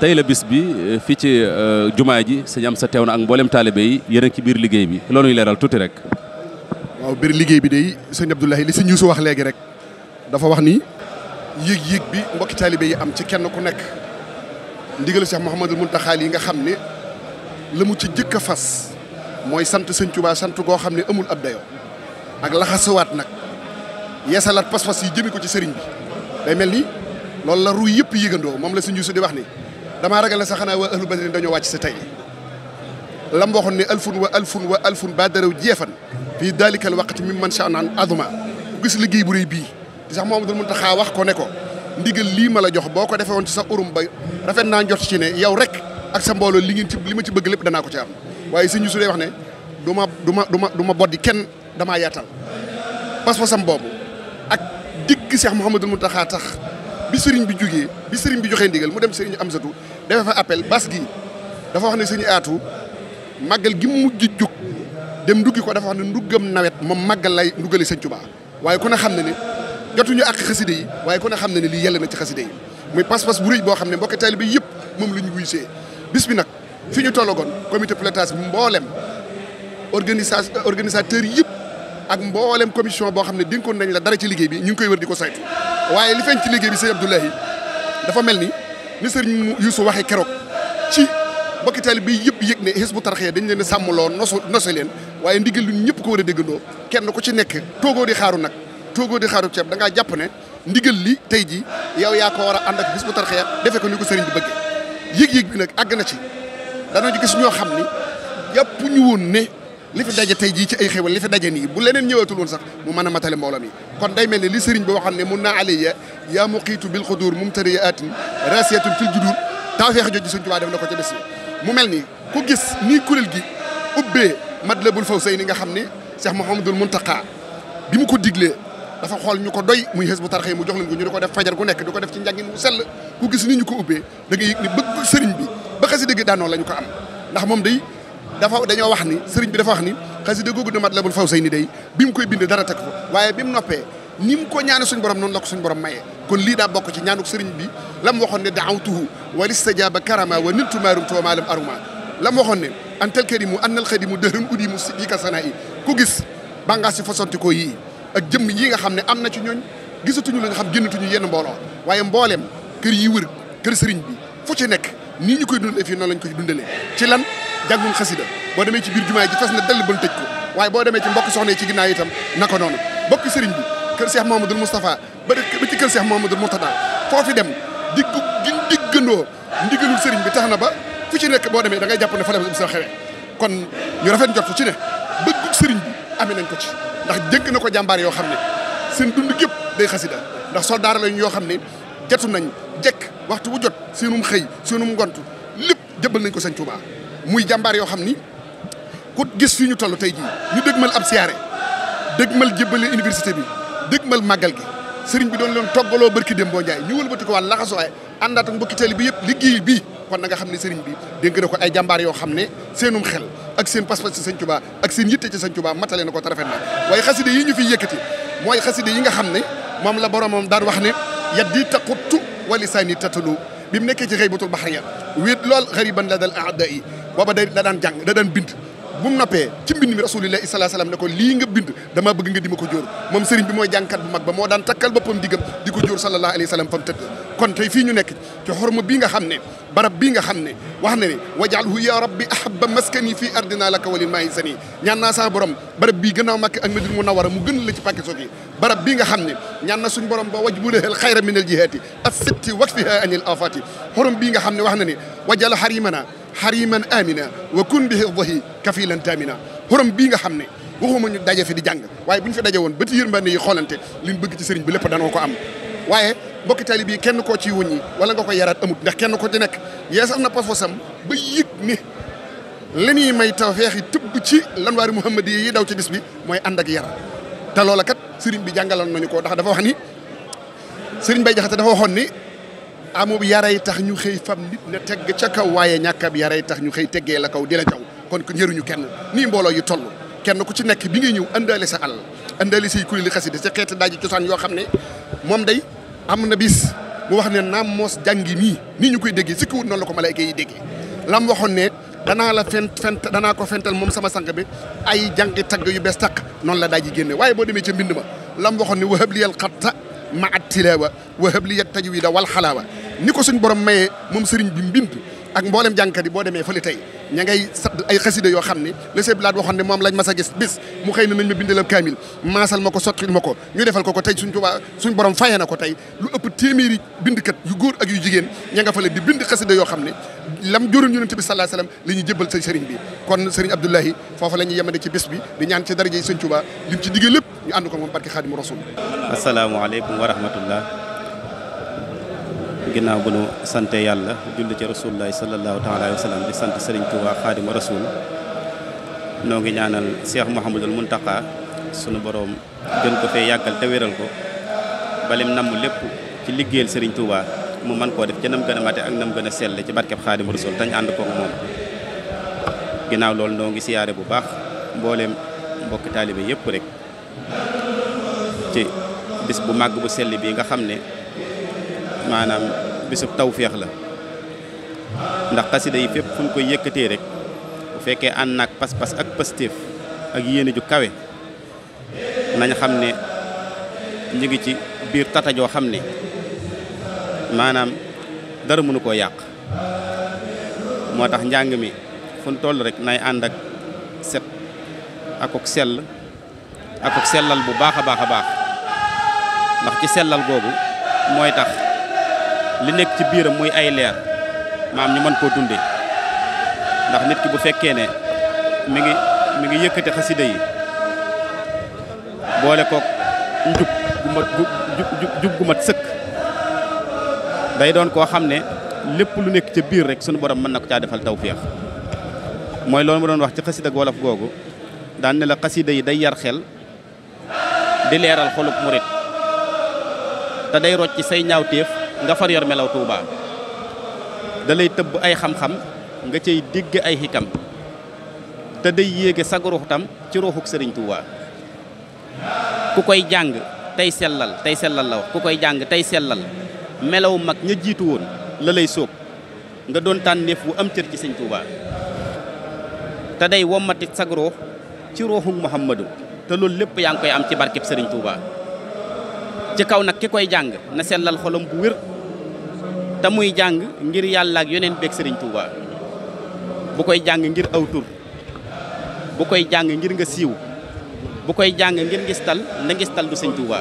tey la bis bi eh, fii ci eh, jumaa ji sëñ am sa teew na ak mboolem taalibe yi yéen ci biir liggéey bi loolu ñu leeral tuuti rek. waaw biir liggéey bi day sëñ Abdoulahi li sëñ su wax léegi rek dafa wax ni. yëg-yëg bi mbokki taalibe yi am ci kenn ku nekk ndigal Cheikh Mouhamadul Mountakha yi nga xam ne la mu ci jëkk a fas mooy sant sëñ Tuubaa sant goo xam ne amul ab dayoo ak laxasuwaat nag yeesalaat pas-pas yi jëme ko ci sëriñ bi day mel ni loolu la yëpp yëgandoo moom la sëñ Yuusu wax ni. damaa ragal ne sax xanaa waa ahlu badrin dañoo wàcc si tey lam waxoon ne alfun wa alfun wa alfun ba daraw jeefan fii daalikal waqti mi man shanaan aduma gis liggéey bu réy bii di sax Mouhamadou Mountakha wax ko ne ko ndigal lii ma la jox boo ko defee woon ci sa urum ba rafet naa jot ci ne yow rek ak sa mbooloo li ngeen ci li ma ci bëgg lépp danaa ko ci am waaye si su dee wax ne du ma du ma du ma du ma boddi kenn damaa yaatal pas-pasam boobu ak digg Cheikh Mouhamadou Mountakha tax bi bi jugee bisiriñ bi joxee ndigal mu dem sëriñ Amsatu defee fa appel bas gi dafa wax ne sëriñ aatu màggal gi mujj jug dem nduggi ko dafa wax ne nduggam nawet moom màggal lay nduggale sëñ Tuubaa waaye kon ne xam ne ne jotuñu ak xaside yi waaye ku ne xam ne ne lii yàlla na ci xaside yi muy pas-pas bu rëy boo xam ne mbokki taalibe yëpp moom la ñu wuy see bis bi nag fi ñu tollogoon comité pilotage bi mboolem organisa organisateur yëpp ak mboolem commission boo xam ne dénkoon nañ la dara ci liggéey bi ñu ngi koy wër di ko saytu waaye li feeñ ci liggéey bi sëñ Abdoulahi dafa mel ni ni sëriñ Youssou waxee keroog ci bokki taalibe bi yëpp yëg ne Hizbut Tarqiyyah dañ leen a sàmmloo nosu nosu leen waaye ndigal lu ñëpp ko war a déggaloo kenn ku ci nekk toogoo di xaaru nag toogoo di xaaru ceeb da ngaa jàpp ne ndigal li tey jii yow yaa ko war a ànd ak Hizbut Tarqiyyah defee ko ni ko sëriñ bi bëggee yëg-yëg bi nag àgg na ci danañ gis ñoo xam ni jàpp ñu woon ne li fi daje tey jii ci ay xéwal li fi daje nii bu leneen ñëwatul woon sax mu mën a matale mbooloo mi kon day mel ne li sëriñ bi waxoon ne mun naa aliya yaa muqiitu bil xudur mumtari atin rasiyatun fil judur tawfeex jooju Sëriñ Tuubaa def na ko ca bés mu mel ni ku gis nii kuréel gi ubbee Matlabul Fawzayni nga xam ni Cheikh Mouhamadul Mountakha bi mu ko diglee dafa xool ñu ko doy muy Hizbut Tarqiyyah mu jox leen ñu di ko def fajar gu nekk di ko def ci njàngin wu sell ku gis ni ñu ko ubbee da nga yëg ni bëgg sëriñ bi ba xasi la ñu ko am ndax moom day dafa dañoo wax ni sëriñ bi dafa wax ni xasida googu de Matlabul Fawzayni day bi mu koy bind dara teg ko waaye bi mu noppee ni mu ko ñaane suñ borom noonu la ko suñ borom mayee kon lii daa bokk ci ñaanuk sëriñ bi lam waxoon ne daawtuhu wal istajaaba karama wa niltu maarumtu wa aruma lam waxoon ne antal karimu annal xadimu dërën udimu sijika sana yi ku gis bàngaas si fasantikoo yii ak jëmm yi nga xam ne am na ci ñooñ gisatuñu la nga xam génnatuñu yenn mbooloo waaye mbooleem kër yi wër kër sëriñ bi fu ci nekk nii ñu koy dundalee lan jàngum xasida boo demee ci biir jumaa ji fes na dell ban tëj ko waaye boo demee ci mbokk soxna yi ci ginnaaw itam na ko noonu mbokk sëriñ bi kër Cheikh Mamadou Moustapha ba ci kër Cheikh Mamadou Mourtada foofi dem di gi diggandoo ndigalul sëriñ bi tax na ba fu ci nekk boo demee da ngay jàpp ne fa kon ñu rafet njort ci ne sëriñ bi amee nañ ko ci ndax jënk na ko jàmbaar yoo xam ne seen dund gépp day xasida ndax soldaar lañ yoo xam ne jatu nañ jekk waxtu wu jot si seenum xëy seenum ngont lépp jëbal nañ ko Sëriñ Tuubaa muy jàmbaar yoo xam ni ku gis fi ñu toll tey jii ñu dëgmal ab siyaare dëgmal jébbale université bi dëgmal màggal gi sëriñ bi doon leen toggaloo barki dem boo njaay ñu wëlbati ko wàll laxasuwaay àndaat ak mbokki teel bi yëpp liggéey bi kon na nga xam ne sëriñ bi dénk ko ay jàmbaar yoo xam ne seenum xel ak seen pas-pas ci Sëñ Tuubaa ak seen yitte ci Sëñ Tuubaa matale na ko tarafet na waaye xaside yi ñu fi yëkkati mooy xaside yi nga xam ne moom la boromam daan wax ne yaddi taquttu wa lisaani tatalu bi mu nekkee ci xëybatul baxriya wéet lool xariban la dal aada booba day da daan jàng da daan bind bu mu noppee ci mbind mi rasulillahi salaa salaam ne ko lii nga bind dama bëgg nga di ma ko jóor moom sëriñ bi mooy jàngkat bu mag ba moo daan takkal boppam diggam di ko jóor sallallahu alayhi wa sallam fam tëdd kon tey fii nekk ci xorma bii nga xam ne barab bii nga xam ne wax na ne wajalhu ya rabbi ahabba maskani fii ardina laka walil maahi sani ñaan naa sa borom barab bii gënaaw makk ak madina munawara mu gën la ci pàkki soog yi barab bii nga xam ne ñaan na borom ba waj bu lahel xayra min al jihaati as sitti wakfiha anil bii nga xam ne wax na ne wajal harimana xariman amina wa kun bi xifdahi kafilan tamina xorom bii nga xam ne waxuma ñu daje fi di jàng waaye bu ñu fi daje woon ba ci yërmande yi xoolante liñ bëgg ci sëriñ bi lépp danoo ko am waaye mbokki tali bii kenn koo ciy wuññi wala nga ko yaraat amut ndax kenn ko ci nekk yeesal na pafosam ba yëg ni li ñuy may tawfeex yi tëbb ci lanwaari muhammad yi daw ci bis bi mooy ànd ak yar te loola kat sëriñ bi jàngaloon nañu ko ndax dafa wax ni sëriñ bay dafa waxoon ni amub yaray tax ñu xëy fam tegg ca kaw waaye ñàkk ab yaray tax ñu xëy teggee la kaw di la kon ko jëruñu kenn nii mbooloo yu toll kenn ku ci nekk bi ngay ñëw indaale sa àll indaale say kuréeli xasida sa xeeti daaji cosaan yoo xam ne moom day am na bis mu wax ne naam moos jàngi mii nii ñu koy déggee si kiwut noonu la ko malayka yi déggee lam waxoon ne danaa la fent fent danaa ko fental moom sama sang bi ay jàngi tagg yu bees tàq noonu la daaji génne waaye boo demee ca mbind ma lam waxoon ne wahab liyal xatta ma at tilaawa wahab liyat tajwida wal xalaawa ni ko suñ borom mayee moom sëriñ bi mbind ak mboolem jàngkat yi boo demee fële tey ña ngay sadd ay xasida yoo xam ne le sëñ Blaat waxoon ne moom lañ mas a gis bis mu xëy na nañ ma bindalal kaamil maasal ma ko sottil ma ko ñu defal ko ko tey suñ Tuubaa borom fayee na ko tey lu ëpp téeméeri bindkat yu góor ak yu jigéen ña nga fële di bind xasida yoo xam ne lam joroon yonent bi sallallahu alayhi wasallam li ñu jébbal sa sëriñ bi kon sëriñ Abdoulahi foofu la ñuy yemane ci bés bi di ñaan ci daraja yi sëñ Tuubaa lim ci diggee lépp ñu ànd ko moom barke Xaadimu Rasuul asalaamaaleykum wa rahmatullah ginnaaw bu nu sante yàlla julli ci rasulullahi sallallahu taala alayhi wa sallam di sant Serigne Touba xaadimu rasul noo ngi ñaanal Cheikh Mouhamadul Mountakha sunu boroom gën ko fee yàggal te wéral ko balim namm lépp ci liggéeyal Serigne Touba mu mën koo def ca nam gën a mate ak nam gën a sell ci barkeb xaadimu rasul tañ ànd koog moom ginnaaw loolu noo ngi siyaare bu baax mbooleem mbokki taalibe yëpp rek ci bis bu màgg bu sell bii nga xam ne maanaam bisub tawféex la ndax xasida yi fépp fu ñu koy yëkkatee rek bu fekkee ànd naag pas-pas ak pastéef ak yéene ju kawe nañ xam ne ñu ngi ci biir tata joo xam ne maanaam dara mënu koo yàq moo tax njàng mi fu ñu toll rek nay ànd ak set akok sell akok sellal bu baax a baax a baax ndax ci sellal googu mooy tax li nekk ci biiram muy ay leer maam ñu mën koo dunde ndax nit ki bu fekkee ne mi ngi mi ngi yëkkati xasida yi boole kook njub gu mat jub gu mat sëkk day doon koo xam ne lépp lu nekk ci biir rek sunu borom mën na ko caa defal tawféex mooy loolu ma doon wax ci xasida ak wolof googu daan ne la xasida yi day yar xel di leeral xolub murit te day rocc say ñaawteef nga far yor melaw Touba da lay tëbb ay xam-xam nga cey digg ay xikam te day yéege sag ruux tam ci ruuxuk sëriñ Touba ku koy jàng tey sellal tey sellal la wax ku koy jàng tey sellal melaw mag ña jiitu woon la lay sóob nga doon tànneef wu am cër ci sëñ Touba te day wommatit sag ruux ci ruuxuk Muhammadu te loolu lépp yaa ngi koy am ci barkeb sëriñ Touba ci kaw nag ki koy jàng na sellal xolam bu wér te muy jàng ngir yàlla ak yoneen beeg sëriñ Touba bu koy jàng ngir aw tur bu koy jàng ngir nga siiw bu koy jàng ngir ngistal nda ngistal du sëñ Touba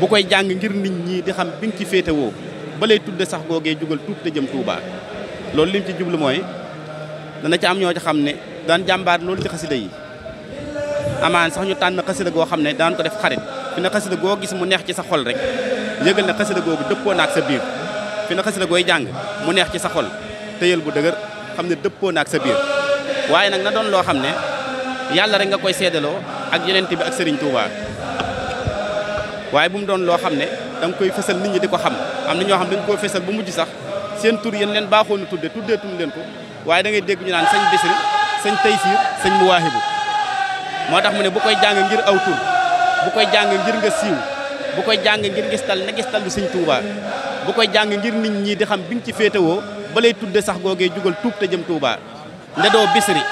bu koy jàng ngir nit ñi di xam bi nga ci féetewoo ba lay tudde sax googee jugal tuub te jëm Touba loolu lim ci jublu mooy dana ci am ñoo ci xam ne daan jàmbaar loolu ci xasida yi amaan sax ñu tànn xasida goo xam ne daan ko def xarit fi ne xasida goo gis mu neex ci sa xol rek yëgal ne xasida googu dëppoo naak sa biir fi na xasida gooy jàng mu neex ci sa xol tëyal bu dëgër xam ne dëppoo na ak sa biir waaye nag na doon loo xam ne yàlla rek nga koy seedaloo ak yonent bi ak sëriñ Touba waaye bu mu doon loo xam ne da koy fësal nit ñi di ko xam am na ñoo xam dañ koo fësal bu mujj sax seen tur yéen leen baaxoon na tudde tuddee tuñ leen ko waaye da ngay dégg ñu naan sëñ Bisri sëñ Taysiir sëñ Muwaahibu moo tax mu ne bu koy jàng ngir aw tur bu koy jàng ngir nga siiw bu koy jàng ngir gistal na gistal lu sëñ Touba bu koy jàng ngir nit ñii di xam bi nga ci féetewoo ba lay tudde sax googee jugal tuub te jëm Touba nde doo bisri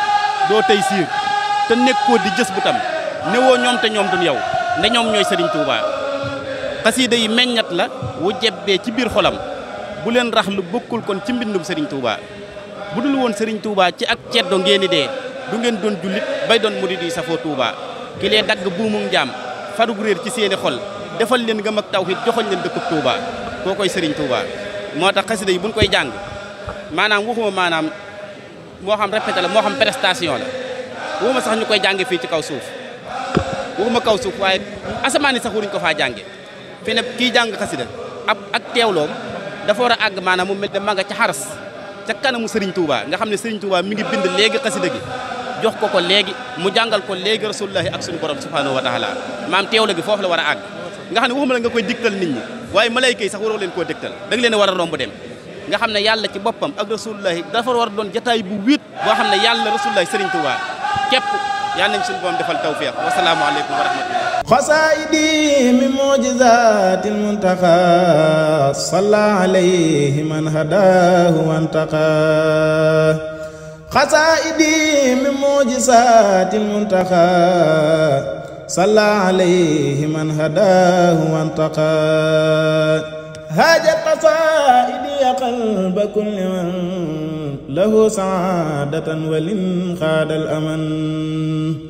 doo tey siir te nekkoo di jës bu tam newoo ñoom te ñoom duñ yow nde ñoom ñooy Serigne Touba xasiida yi meññat la wu jebbee ci biir xolam bu leen rax lu bokkul kon ci mbindum Serigne Touba bu dul woon sëriñ Touba ci ak ceddo ngeen di dee du ngeen doon jullit bay doon murid yi safoo Touba ki lee dagg buumum njaam farug réer ci seeni xol defal leen gëm ak tawhid joxoñ leen dëkkub Touba koo koy Serigne Touba moo tax xasida yi buñ koy jàng maanaam waxuma maanaam moo xam répété la moo xam prestation la waxuma sax ñu koy jànge fii ci kaw suuf waxuma kaw suuf waaye asamaan yi sax waruñu ko faa jànge fi ne kii jàng xasida ab ak teewloom dafa war a maanaam mu mel ne ma nga ca xaras ca kanamu Serigne Touba nga xam ne Serigne Touba mi ngi bind léegi xasida gi jox ko ko léegi mu jàngal ko léegi rasulullahi ak suñu borom subhanahu wa taala maam teewla gi foofu la war a àgg nga xam ne waxuma la nga koy digtal nit ñi waaye malayka yi sax waroo leen koo dégtal da nga leen war a romb dem nga xam ne yàlla ci boppam ak rasulullahi dafa war doon jataay bu wéet boo xam ne yàlla rasulullahi sëriñ Tuuba képp yal nañ suñu boom defal tawfiq wasalaamu aleykum wa rahmatullah xasaayidi min mujizatil muntaqa salla alayhi man hadahu wantaqa xasaayidi min mujizatil muntaqa صلى عليه من هداه وانتقى هاجت قصائدي قلب كل من له سعادة ولن خاد الأمن